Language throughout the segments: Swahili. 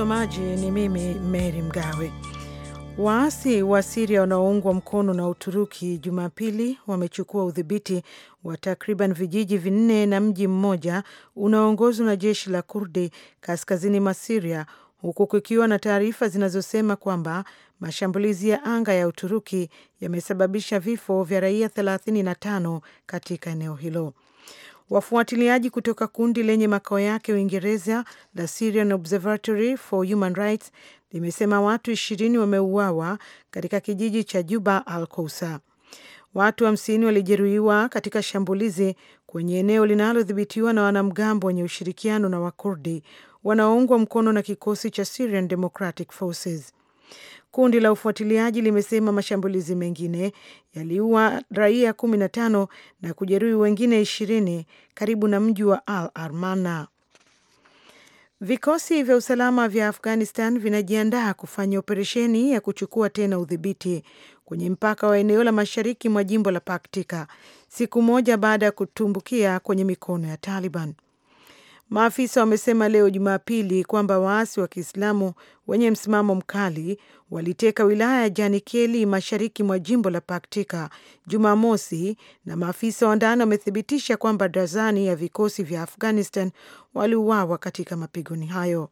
Msomaji ni mimi Mary Mgawe. Waasi wa Siria wanaoungwa mkono na Uturuki Jumapili wamechukua udhibiti wa takriban vijiji vinne na mji mmoja unaoongozwa na jeshi la Kurdi kaskazini mwa Siria, huku kukiwa na taarifa zinazosema kwamba mashambulizi ya anga ya Uturuki yamesababisha vifo vya raia 35 katika eneo hilo. Wafuatiliaji kutoka kundi lenye makao yake Uingereza la Syrian Observatory for Human Rights limesema watu ishirini wameuawa katika kijiji cha Juba al Kousa. Watu hamsini wa walijeruhiwa katika shambulizi kwenye eneo linalodhibitiwa na wanamgambo wenye ushirikiano na Wakurdi wanaoungwa mkono na kikosi cha Syrian Democratic Forces. Kundi la ufuatiliaji limesema mashambulizi mengine yaliua raia 15 na kujeruhi wengine 20 karibu na mji wa Al Armana. Vikosi vya usalama vya Afghanistan vinajiandaa kufanya operesheni ya kuchukua tena udhibiti kwenye mpaka wa eneo la mashariki mwa jimbo la Paktika siku moja baada ya kutumbukia kwenye mikono ya Taliban. Maafisa wamesema leo Jumapili kwamba waasi wa Kiislamu wenye msimamo mkali waliteka wilaya ya Janikeli mashariki mwa jimbo la Paktika Jumamosi, na maafisa wa ndani wamethibitisha kwamba dazani ya vikosi vya Afghanistan waliuawa katika mapigano hayo.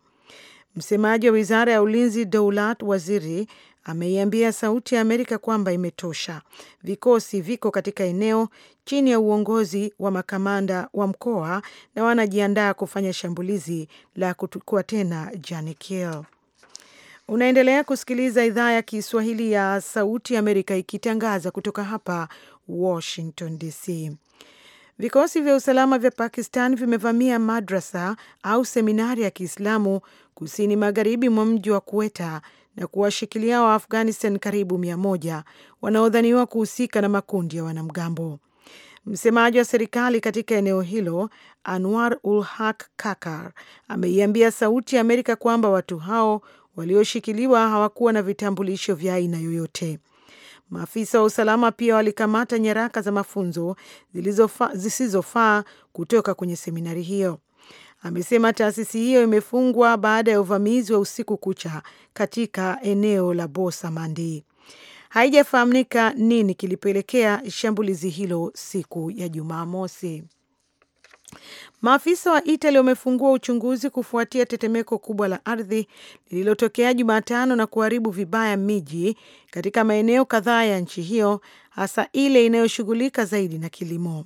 Msemaji wa wizara ya ulinzi Doulat Waziri ameiambia Sauti ya Amerika kwamba imetosha, vikosi viko katika eneo chini ya uongozi wa makamanda wa mkoa na wanajiandaa kufanya shambulizi la kuchukua tena Janekiel. Unaendelea kusikiliza idhaa ya Kiswahili ya Sauti ya Amerika ikitangaza kutoka hapa Washington DC. Vikosi vya usalama vya Pakistan vimevamia madrasa au seminari ya Kiislamu kusini magharibi mwa mji wa Kuweta na kuwashikilia afghanistan karibu mia moja wanaodhaniwa kuhusika na makundi ya wanamgambo. Msemaji wa serikali katika eneo hilo Anwar ul Haq Kakar ameiambia Sauti ya Amerika kwamba watu hao walioshikiliwa hawakuwa na vitambulisho vya aina yoyote. Maafisa wa usalama pia walikamata nyaraka za mafunzo zisizofaa kutoka kwenye seminari hiyo amesema taasisi hiyo imefungwa baada ya uvamizi wa usiku kucha katika eneo la bosa mandi Haijafahamika nini kilipelekea shambulizi hilo siku ya Jumamosi. Maafisa wa Itali wamefungua uchunguzi kufuatia tetemeko kubwa la ardhi lililotokea Jumatano na kuharibu vibaya miji katika maeneo kadhaa ya nchi hiyo, hasa ile inayoshughulika zaidi na kilimo.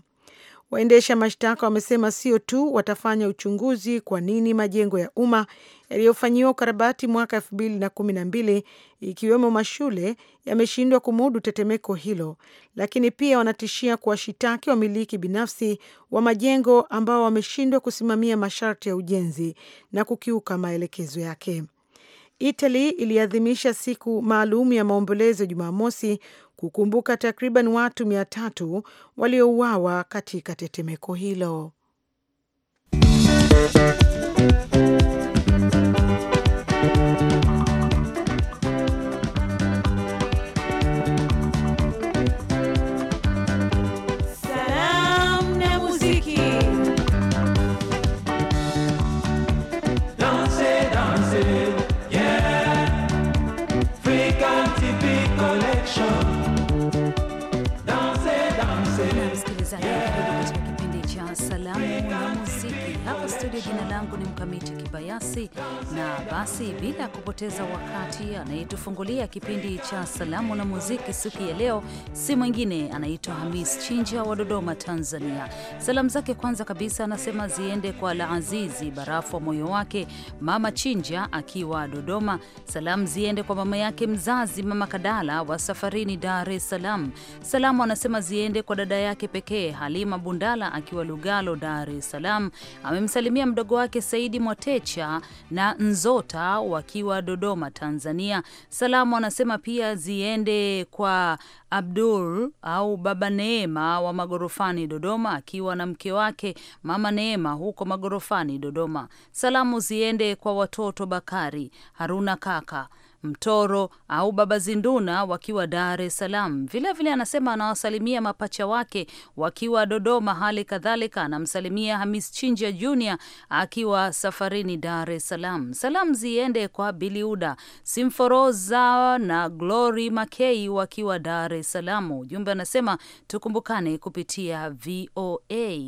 Waendesha mashtaka wamesema sio tu watafanya uchunguzi kwa nini majengo ya umma yaliyofanyiwa ukarabati mwaka elfu mbili na kumi na mbili ikiwemo mashule yameshindwa kumudu tetemeko hilo, lakini pia wanatishia kuwashitaki wamiliki binafsi wa majengo ambao wameshindwa kusimamia masharti ya ujenzi na kukiuka maelekezo yake. Italy iliadhimisha siku maalum ya maombolezo Jumamosi kukumbuka takriban watu mia tatu waliouawa katika tetemeko hilo. 哎。studio. Jina langu ni Mkamiti Kibayasi, na basi bila kupoteza wakati, anayetufungulia kipindi cha salamu na muziki siku ya leo si mwingine, anaitwa Hamis Chinja wa Dodoma, Tanzania. Salamu zake kwanza kabisa anasema ziende kwa azizi Barafu wa moyo wake, Mama Chinja akiwa Dodoma. Salamu ziende kwa mama yake mzazi, Mama Kadala wa safarini, Dar es Salaam. Salamu anasema ziende kwa dada yake pekee, Halima Bundala akiwa Lugalo, Dar es Salaam. Amemsalimia ya mdogo wake Saidi Motecha na Nzota wakiwa Dodoma, Tanzania. Salamu anasema pia ziende kwa Abdul au Baba Neema wa Magorofani Dodoma, akiwa na mke wake Mama Neema huko Magorofani Dodoma. Salamu ziende kwa watoto Bakari Haruna, kaka Mtoro au Baba Zinduna wakiwa Dar es Salaam. Vilevile anasema anawasalimia mapacha wake wakiwa Dodoma, hali kadhalika anamsalimia Hamis Chinja Junior akiwa safarini Dar es Salaam. Salamu ziende kwa Biliuda Simforoza na Glory Makei wakiwa Dar es Salaam. Ujumbe anasema tukumbukane kupitia VOA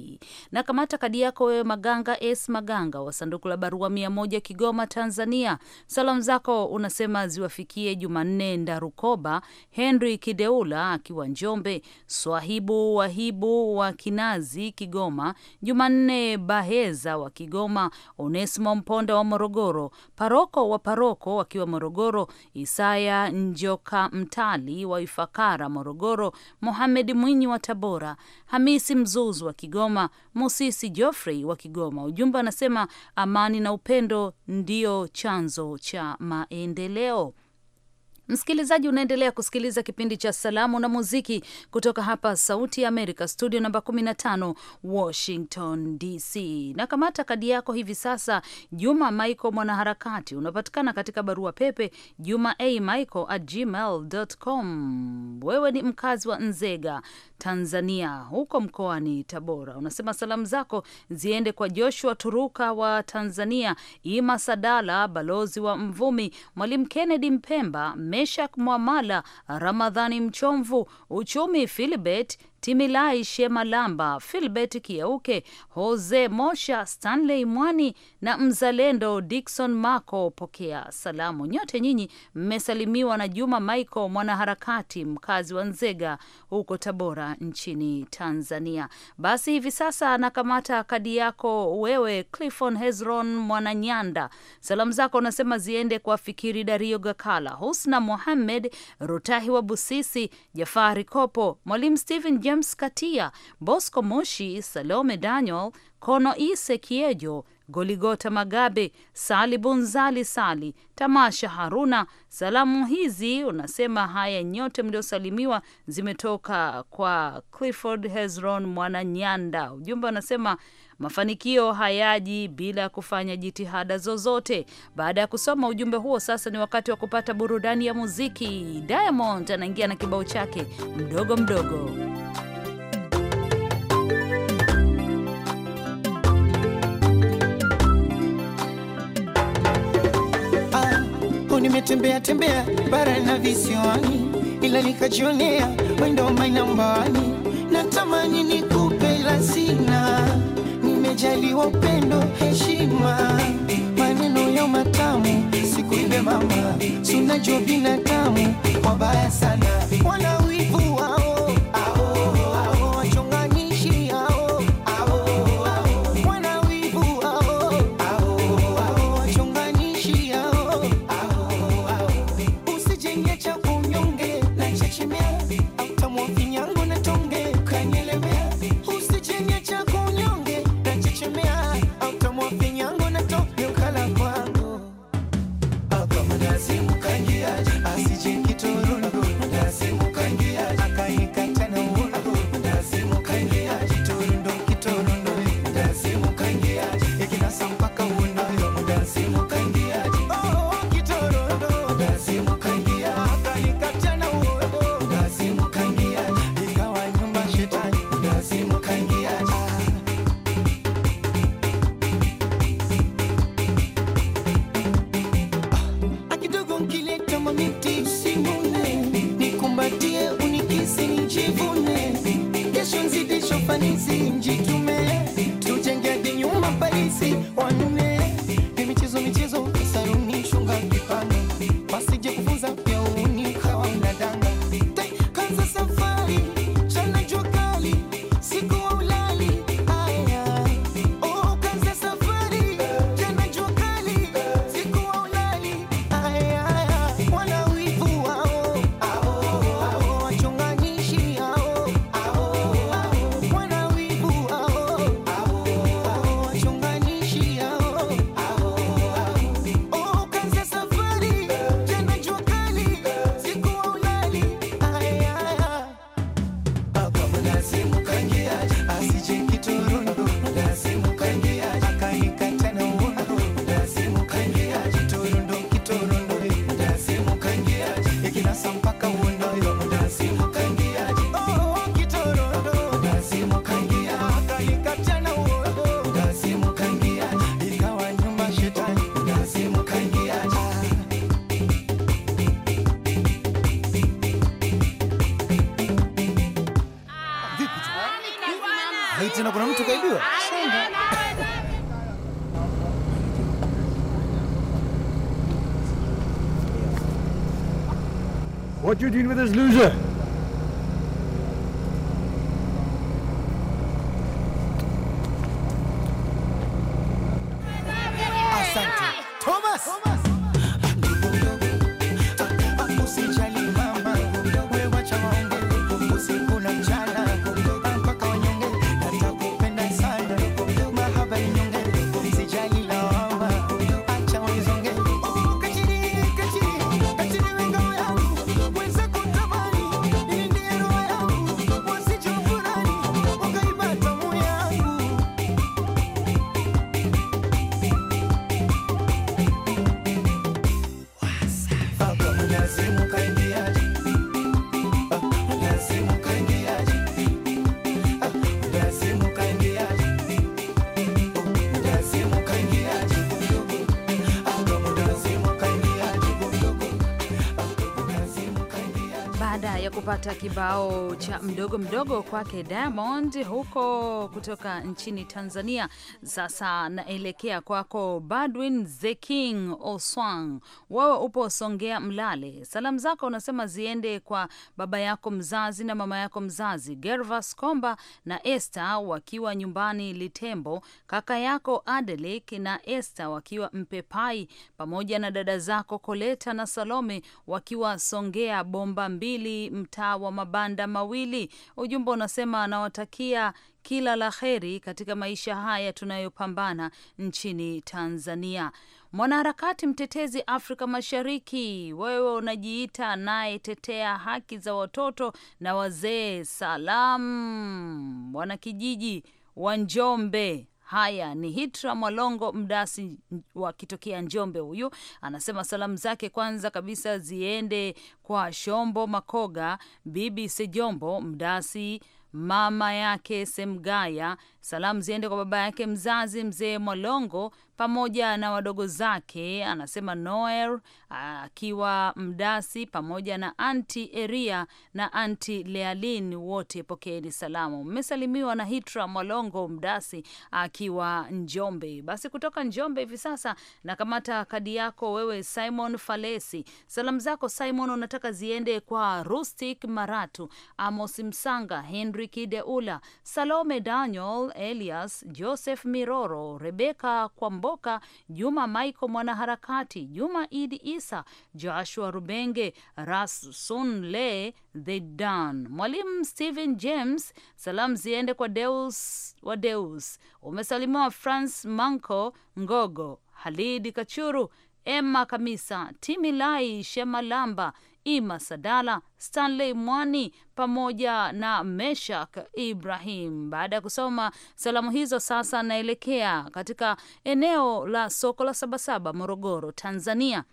na kamata kadi yako wewe, Maganga S Maganga wa sanduku la barua mia moja, Kigoma, Tanzania. Salamu zako unasema ziwafikie Jumanne Ndarukoba, Henry Kideula akiwa Njombe, Swahibu Wahibu wa Kinazi Kigoma, Jumanne Baheza wa Kigoma, Onesimo Mponda wa Morogoro, paroko wa paroko akiwa Morogoro, Isaya Njoka Mtali wa Ifakara Morogoro, Mohamed Mwinyi wa Tabora, Hamisi Mzuzu wa Kigoma, Musisi Geoffrey wa Kigoma. Ujumbe anasema amani na upendo ndio chanzo cha maendeleo leo. Msikilizaji, unaendelea kusikiliza kipindi cha Salamu na Muziki kutoka hapa Sauti ya Amerika, studio namba 15 Washington DC. Na kamata kadi yako hivi sasa, Juma Michael mwanaharakati. Unapatikana katika barua pepe juma a michael at gmail.com. Wewe ni mkazi wa Nzega, Tanzania, huko mkoani Tabora. Unasema salamu zako ziende kwa Joshua Turuka wa Tanzania, Ima Sadala, balozi wa Mvumi, Mwalimu Kennedy Mpemba, Meshak Mwamala, Ramadhani Mchomvu, Uchumi Filibet Timilai Shemalamba, Filbert Kiauke, Jose Mosha, Stanley Mwani na mzalendo Dikson Mako. Pokea salamu nyote nyinyi, mmesalimiwa na Juma Michael, mwanaharakati mkazi wa Nzega huko Tabora nchini Tanzania. Basi hivi sasa nakamata kadi yako wewe, Clifon Hezron Mwananyanda. Salamu zako unasema ziende kwa Fikiri Dario Gakala, Husna Mohamed Rutahi wa Busisi, Jafari Kopo, Mwalimu Stephen James Katia, Bosco Moshi, Salome Daniel, Kono Ise Kiejo, Goligota Magabe, Sali Bunzali Sali, Tamasha Haruna. Salamu hizi unasema haya nyote mliosalimiwa zimetoka kwa Clifford Hezron Mwananyanda. Ujumbe unasema Mafanikio hayaji bila ya kufanya jitihada zozote. Baada ya kusoma ujumbe huo, sasa ni wakati wa kupata burudani ya muziki. Diamond anaingia na kibao chake mdogo mdogo. Nimetembea tembea bara na visiwani, ila nikajionea wendo mainambani, natamani nikupe ila Umejaliwa upendo, heshima, maneno ya matamu, siku ile mama, tunajua binadamu wabaya sana, wana wivu what you doing with this loser? to kibao cha mdogo mdogo kwake Diamond huko kutoka nchini Tanzania. Sasa naelekea kwako Badwin the King Oswang, wewe upo Songea Mlale. Salamu zako unasema ziende kwa baba yako mzazi na mama yako mzazi Gervas Komba na Esther wakiwa nyumbani Litembo, kaka yako Adelik na Esther wakiwa Mpepai, pamoja na dada zako Koleta na Salome wakiwa Songea Bomba mbili mtaa wa mabanda mawili. Ujumbe unasema anawatakia kila la heri katika maisha haya tunayopambana nchini Tanzania. Mwanaharakati mtetezi Afrika Mashariki, wewe unajiita naye tetea haki za watoto na wazee, Salam wanakijiji wa Njombe Haya ni Hitra Mwalongo Mdasi wakitokea Njombe. Huyu anasema salamu zake kwanza kabisa ziende kwa Shombo Makoga, Bibi Sejombo Mdasi, mama yake Semgaya. Salamu ziende kwa baba yake mzazi Mzee Mwalongo pamoja na wadogo zake, anasema Noel akiwa mdasi pamoja na anti Eria na anti Lealin, wote pokeeni salamu. Mmesalimiwa na Hitra Mwalongo mdasi akiwa Njombe. Basi kutoka Njombe hivi sasa nakamata kadi yako wewe, Simon Falesi. Salamu zako Simon unataka ziende kwa Rustic Maratu, Amos Msanga, Henry Kideula, Salome Daniel, Elias Joseph Miroro, Rebeka Kwambo Mkomboka, Juma Michael mwanaharakati, Juma Idi Isa, Joshua Rubenge, Sun Le The Dan, Mwalimu Stephen James. Salamu ziende kwa Deus wa Deus, umesalimiwa franc Manco Ngogo, Halidi Kachuru Emma Kamisa, Timilai Shemalamba, Ima Sadala, Stanley Mwani pamoja na Meshak Ibrahim. Baada ya kusoma salamu hizo, sasa naelekea katika eneo la soko la Sabasaba, Morogoro, Tanzania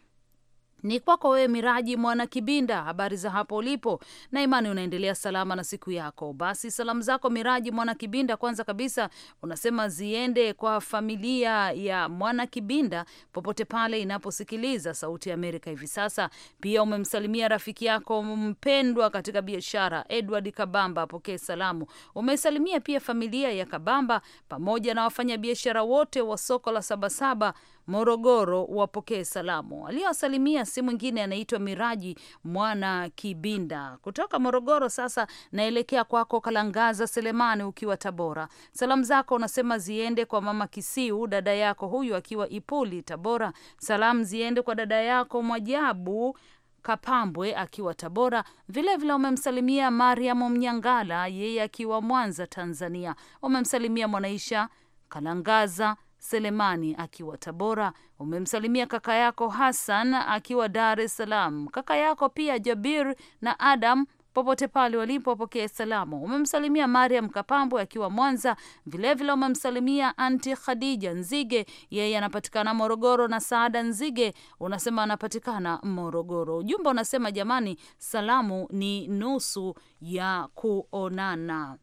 ni kwako wewe Miraji Mwana Kibinda, habari za hapo ulipo, na imani unaendelea salama na siku yako. Basi salamu zako Miraji Mwana Kibinda, kwanza kabisa unasema ziende kwa familia ya Mwana Kibinda popote pale inaposikiliza Sauti ya Amerika hivi sasa. Pia umemsalimia rafiki yako mpendwa katika biashara Edward Kabamba, apokee salamu. Umesalimia pia familia ya Kabamba pamoja na wafanyabiashara wote wa soko la Sabasaba Morogoro wapokee salamu. Aliyowasalimia si mwingine anaitwa Miraji Mwana Kibinda kutoka Morogoro. Sasa naelekea kwako Kalangaza Selemani, ukiwa Tabora. Salamu zako unasema ziende kwa mama Kisiu, dada yako huyu akiwa Ipuli, Tabora. Salamu ziende kwa dada yako Mwajabu Kapambwe akiwa Tabora. Vilevile umemsalimia Mariam Mnyangala, yeye akiwa Mwanza, Tanzania. Umemsalimia Mwanaisha Kalangaza Selemani akiwa Tabora, umemsalimia kaka yako Hassan akiwa Dar es Salaam, kaka yako pia Jabir na Adam popote pale walipo wapokee salamu. Umemsalimia Mariam Kapambwe akiwa Mwanza, vilevile umemsalimia anti Khadija Nzige, yeye anapatikana Morogoro, na Saada Nzige unasema anapatikana Morogoro. Ujumbe unasema jamani, salamu ni nusu ya kuonana.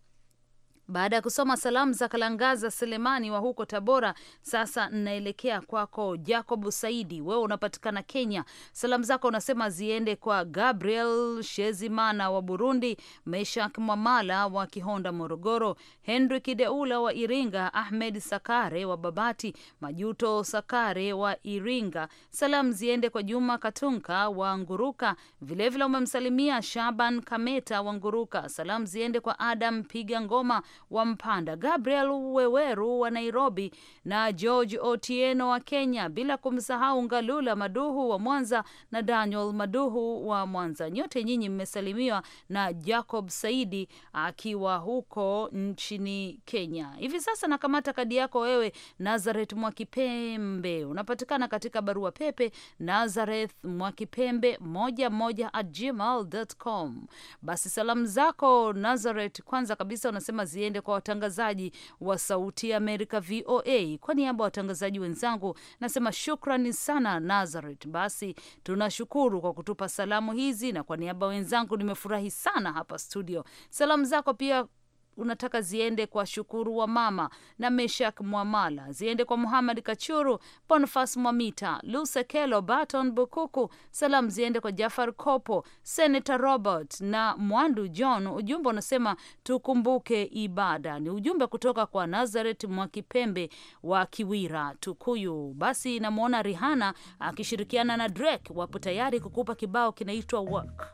Baada ya kusoma salamu za Kalangaza Selemani wa huko Tabora, sasa naelekea kwako Jacob Saidi, wewe unapatikana Kenya. Salamu zako unasema ziende kwa Gabriel Shezimana wa Burundi, Meshak Mwamala wa Kihonda, Morogoro, Henrik Deula wa Iringa, Ahmed Sakare wa Babati, Majuto Sakare wa Iringa. Salamu ziende kwa Juma Katunka wa Nguruka, vilevile umemsalimia Shaban Kameta wa Nguruka. Salamu ziende kwa Adam Piga Ngoma wa Mpanda, Gabriel Weweru wa Nairobi na George Otieno wa Kenya, bila kumsahau Ngalula Maduhu wa Mwanza na Daniel Maduhu wa Mwanza. Nyote nyinyi mmesalimiwa na Jacob Saidi akiwa huko nchini Kenya. Hivi sasa nakamata kadi yako wewe, Nazareth Mwakipembe, unapatikana katika barua pepe Nazareth Mwakipembe moja moja at gmail.com. Basi salamu zako Nazareth, kwanza kabisa unasema zie ziende kwa watangazaji wa Sauti ya Amerika VOA. Kwa niaba ya watangazaji wenzangu nasema shukrani sana Nazareth. Basi tunashukuru kwa kutupa salamu hizi, na kwa niaba wenzangu nimefurahi sana hapa studio. Salamu zako pia unataka ziende kwa Shukuru wa mama na Meshak Mwamala, ziende kwa Muhamad Kachuru, Bonifas Mwamita, Lusekelo Baton Bukuku. Salamu ziende kwa Jafar Kopo, Senata Robert na Mwandu John. Ujumbe unasema tukumbuke ibada. Ni ujumbe kutoka kwa Nazaret Mwakipembe wa Kiwira, Tukuyu. Basi namwona Rihana akishirikiana na Drake wapo tayari kukupa kibao kinaitwa Work.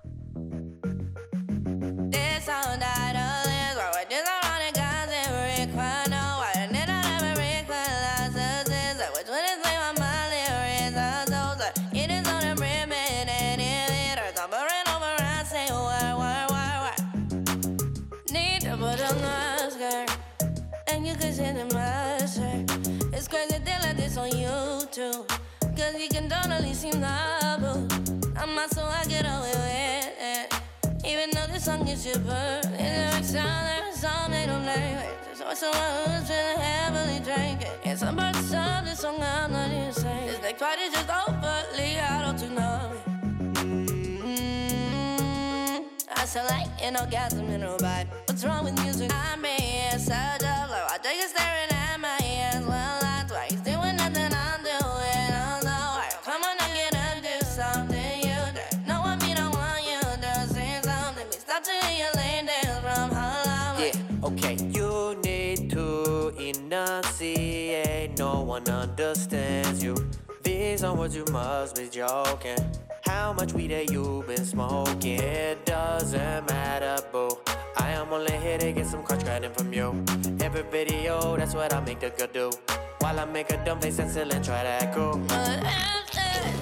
true. Cause you can totally seem liable. I'm not so I get away with it. Even though this song is your birth, it's every sound, every song they don't like. There's always someone who's been heavily drinking. And some parts of this song I'm not even saying. This next party's just overly out to numb. Mm-hmm. I sound like an orgasm in a ride. What's wrong with music? I'm being such a love. I take a stare understands you. These are words you must be joking. How much weed have you been smoking? It doesn't matter, boo. I am only here to get some crunch grinding from you. Every video, that's what I make the girl do. While I make a dumb face and still and try to act cool. But after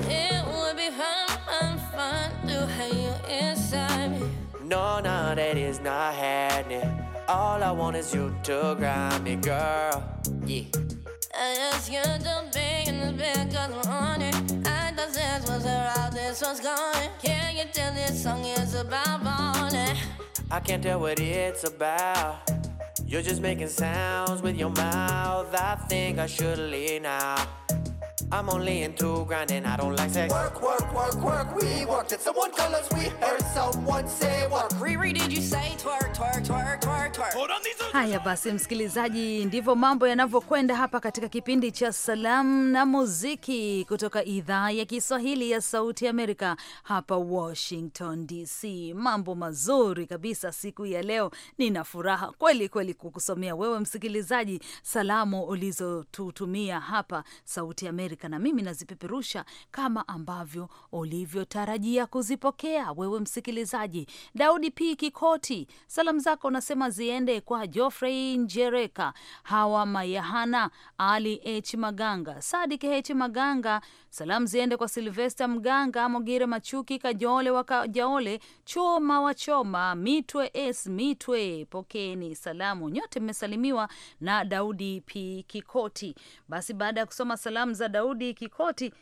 it would be fun, fun, fun to have you inside me. No, no, that is not happening. All I want is you to grind me, girl. Yeah. Yes, you just being in the bed cause I'm on I thought this was how this was going. Can you tell this song is about balling? I can't tell what it's about. You're just making sounds with your mouth. I think I should leave now. I'm only into grinding, I don't like sex. Work, work, work, work, we work. Did someone us? we heard someone say work. Riri, did you say twerk, twerk, twerk, twerk, twerk? Hold on these Haya basi, msikilizaji, ndivyo mambo yanavyokwenda hapa katika kipindi cha salamu na muziki kutoka idhaa ya Kiswahili ya Sauti Amerika hapa Washington DC. Mambo mazuri kabisa siku ya leo, nina furaha kweli kweli kukusomea wewe msikilizaji salamu ulizotutumia hapa Sauti Amerika Amerika, na mimi nazipeperusha kama ambavyo ulivyotarajia kuzipokea wewe msikilizaji. Daudi P Kikoti, salamu zako unasema ziende kwa Geoffrey Njereka, Hawa Mayahana, Ali H Maganga, Sadik H Maganga. Salamu ziende kwa Silvesta Mganga, Mogire Machuki, Kajole Wakajaole, Choma Wachoma, Mitwe S Mitwe. Pokeni salamu nyote, mmesalimiwa na Daudi P Kikoti. Basi baada ya kusoma salamu za Daudi Daudi Kikoti.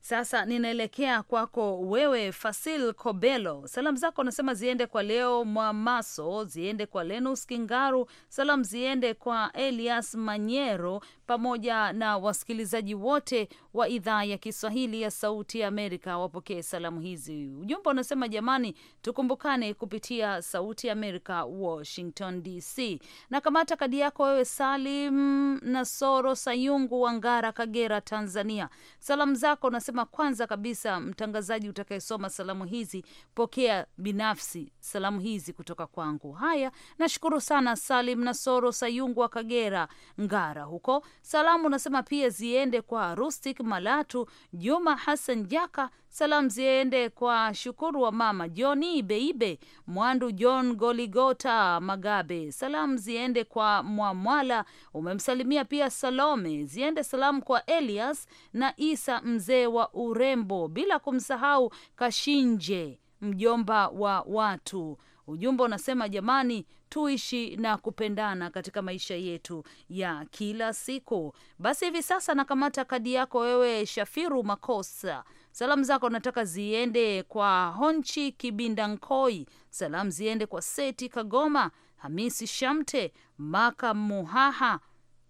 Sasa ninaelekea kwako wewe Fasil Kobelo. Salamu zako anasema ziende kwa Leo Mwamaso, ziende kwa Lenus Kingaru, salamu ziende kwa Elias Manyero, pamoja na wasikilizaji wote wa idhaa ya Kiswahili ya Sauti ya Amerika wapokee salamu hizi. Ujumbe unasema jamani, tukumbukane kupitia Sauti ya Amerika, Washington DC. Na kamata kadi yako wewe, Salim Nasoro Sayungu wa Ngara, Kagera, Tanzania. Salamu zako unasema kwanza kabisa, mtangazaji utakayesoma salamu hizi, pokea binafsi salamu hizi kutoka kwangu. Haya, nashukuru sana Salim Nasoro Sayungu wa Kagera, Ngara huko Salamu unasema pia ziende kwa Rustic Malatu, Juma Hassan Jaka. Salamu ziende kwa Shukuru wa mama Joni Beibe Mwandu, John Goligota Magabe. Salamu ziende kwa Mwamwala, umemsalimia pia Salome. Ziende salamu kwa Elias na Isa mzee wa urembo, bila kumsahau Kashinje mjomba wa watu Ujumbe unasema jamani, tuishi na kupendana katika maisha yetu ya kila siku. Basi hivi sasa nakamata kadi yako wewe, Shafiru Makosa. Salamu zako nataka ziende kwa Honchi Kibinda Nkoi, salamu ziende kwa Seti Kagoma, Hamisi Shamte, Maka Muhaha,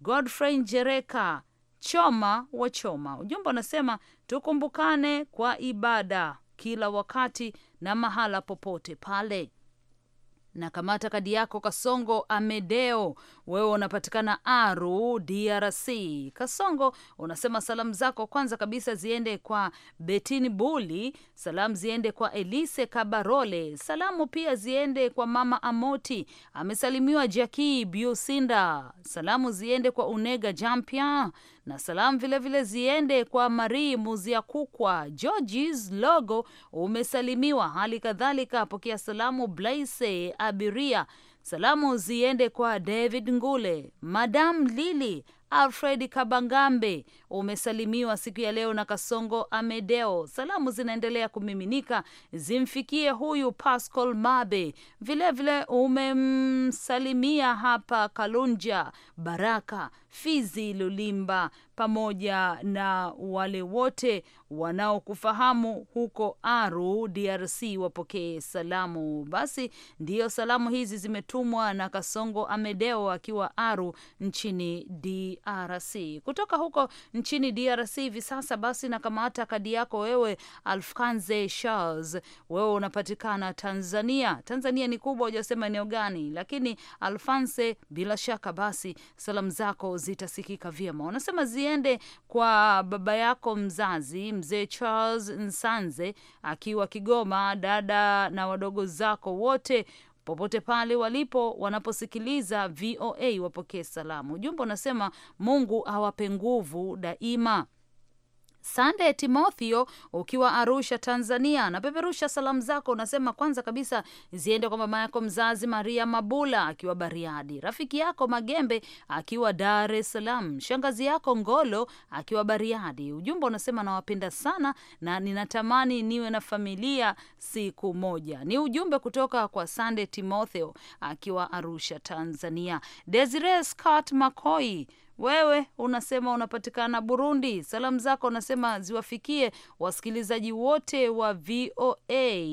Godfrey Njereka, Choma wa Choma. Ujumbe unasema tukumbukane kwa ibada kila wakati na mahala popote pale na kamata kadi yako Kasongo Amedeo, wewe unapatikana Aru, DRC. Kasongo unasema salamu zako kwanza kabisa ziende kwa Betin Buli, salamu ziende kwa Elise Kabarole, salamu pia ziende kwa mama Amoti, amesalimiwa Jaki Biusinda, salamu ziende kwa Unega Jampia na salamu vilevile ziende kwa Marie kukwa Georges Logo umesalimiwa, hali kadhalika pokea salamu Blaise Abiria. Salamu ziende kwa David Ngule, Madam Lili, Alfred Kabangambe umesalimiwa siku ya leo na Kasongo Amedeo. Salamu zinaendelea kumiminika zimfikie huyu Pascal Mabe, vilevile umemsalimia hapa Kalunja Baraka Fizi Lulimba pamoja na wale wote wanaokufahamu huko Aru, DRC wapokee salamu. Basi ndiyo salamu hizi zimetumwa na Kasongo Amedeo akiwa Aru nchini DRC. Kutoka huko nchini DRC hivi sasa basi nakamata kadi yako wewe, Alfkanze Charles, wewe unapatikana Tanzania. Tanzania ni kubwa, hujasema eneo gani, lakini Alfanse, bila shaka basi salamu zako zitasikika vyema. Unasema ziende kwa baba yako mzazi mzee Charles Nsanze akiwa Kigoma, dada na wadogo zako wote popote pale walipo wanaposikiliza VOA wapokee salamu. Ujumbe unasema Mungu awape nguvu daima. Sande Timotheo ukiwa Arusha, Tanzania, napeperusha salamu zako. Unasema kwanza kabisa ziende kwa mama yako mzazi Maria Mabula akiwa Bariadi, rafiki yako Magembe akiwa Dar es Salaam, shangazi yako Ngolo akiwa Bariadi. Ujumbe unasema nawapenda sana na ninatamani niwe na familia siku moja. Ni ujumbe kutoka kwa Sande Timotheo akiwa Arusha, Tanzania. Desire Scott Makoi wewe unasema unapatikana Burundi. Salamu zako unasema ziwafikie wasikilizaji wote wa VOA.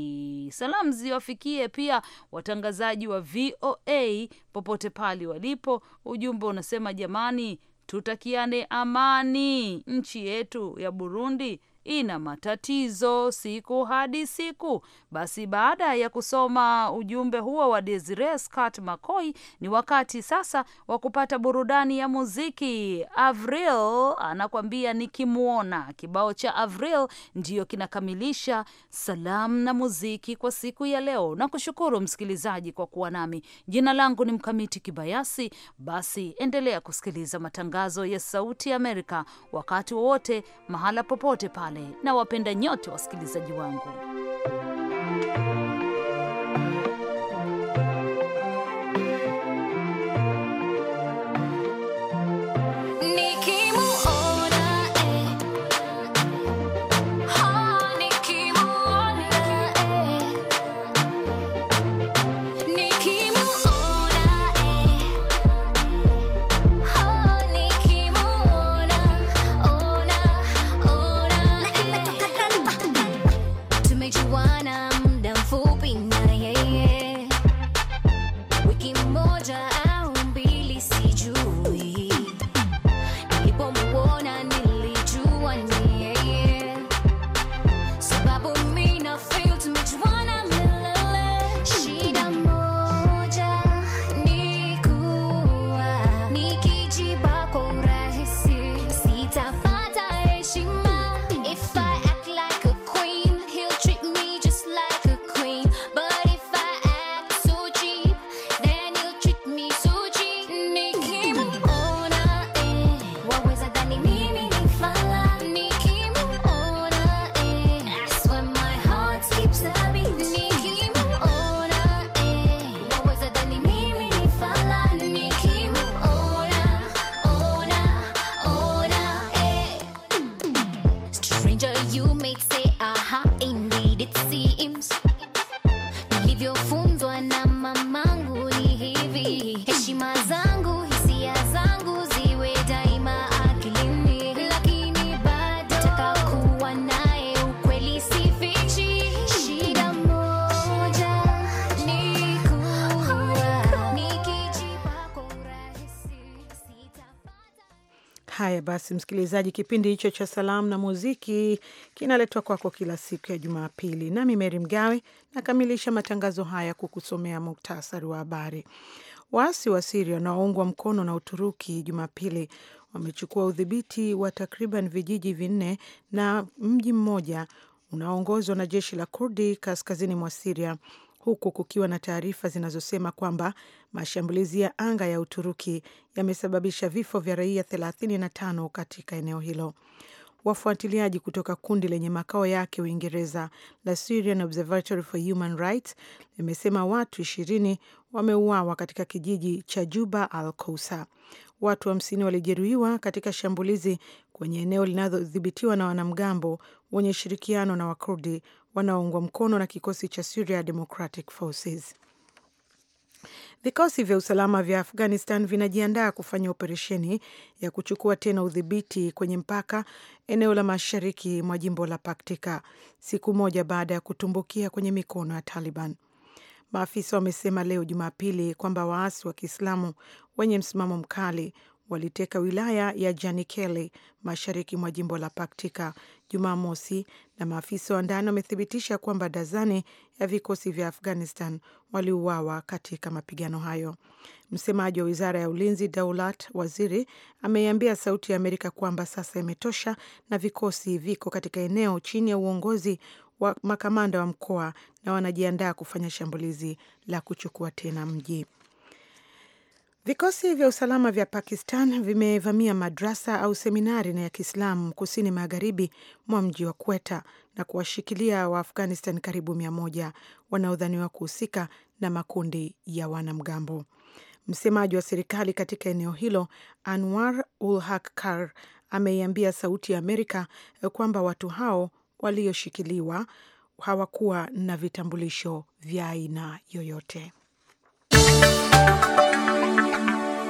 Salamu ziwafikie pia watangazaji wa VOA popote pale walipo. Ujumbe unasema jamani, tutakiane amani nchi yetu ya Burundi ina matatizo siku hadi siku. Basi baada ya kusoma ujumbe huo wa Desire Scott McCoy, ni wakati sasa wa kupata burudani ya muziki. Avril anakwambia nikimwona. Kibao cha Avril ndiyo kinakamilisha salamu na muziki kwa siku ya leo, na kushukuru msikilizaji kwa kuwa nami. Jina langu ni Mkamiti Kibayasi. Basi endelea kusikiliza matangazo ya Sauti Amerika wakati wowote, mahala popote pale na wapenda nyote wasikilizaji wangu. Basi msikilizaji, kipindi hicho cha salamu na muziki kinaletwa kwako kila siku ya Jumapili, nami Meri Mgawe nakamilisha matangazo haya kukusomea muktasari wa habari. Waasi wa Siria wanaoungwa mkono na Uturuki Jumapili wamechukua udhibiti wa takriban vijiji vinne na mji mmoja unaoongozwa na jeshi la Kurdi kaskazini mwa Siria huku kukiwa na taarifa zinazosema kwamba mashambulizi ya anga ya Uturuki yamesababisha vifo vya raia 35 katika eneo hilo. Wafuatiliaji kutoka kundi lenye makao yake Uingereza la Syrian Observatory for Human Rights limesema watu ishirini wameuawa katika kijiji cha Juba al Kousa. Watu hamsini wa walijeruhiwa katika shambulizi kwenye eneo linalodhibitiwa na wanamgambo wenye ushirikiano na Wakurdi wanaoungwa mkono na kikosi cha Syria Democratic Forces. Vikosi vya usalama vya Afghanistan vinajiandaa kufanya operesheni ya kuchukua tena udhibiti kwenye mpaka eneo la mashariki mwa jimbo la Paktika siku moja baada ya kutumbukia kwenye mikono ya Taliban. Maafisa wamesema leo Jumapili kwamba waasi wa Kiislamu wenye msimamo mkali waliteka wilaya ya Janikele mashariki mwa jimbo la Paktika Jumamosi, na maafisa wa ndani wamethibitisha kwamba dazani ya vikosi vya Afghanistan waliuawa katika mapigano hayo. Msemaji wa wizara ya ulinzi Daulat Waziri ameiambia Sauti ya Amerika kwamba sasa imetosha na vikosi viko katika eneo chini ya uongozi wa makamanda wa mkoa na wanajiandaa kufanya shambulizi la kuchukua tena mji. Vikosi vya usalama vya Pakistan vimevamia madrasa au seminari na ya Kiislamu kusini magharibi mwa mji wa Kweta na kuwashikilia Waafghanistan karibu mia moja wanaodhaniwa kuhusika na makundi ya wanamgambo. Msemaji wa serikali katika eneo hilo Anwar ul Haq Kar ameiambia Sauti ya Amerika kwamba watu hao walioshikiliwa hawakuwa na vitambulisho vya aina yoyote.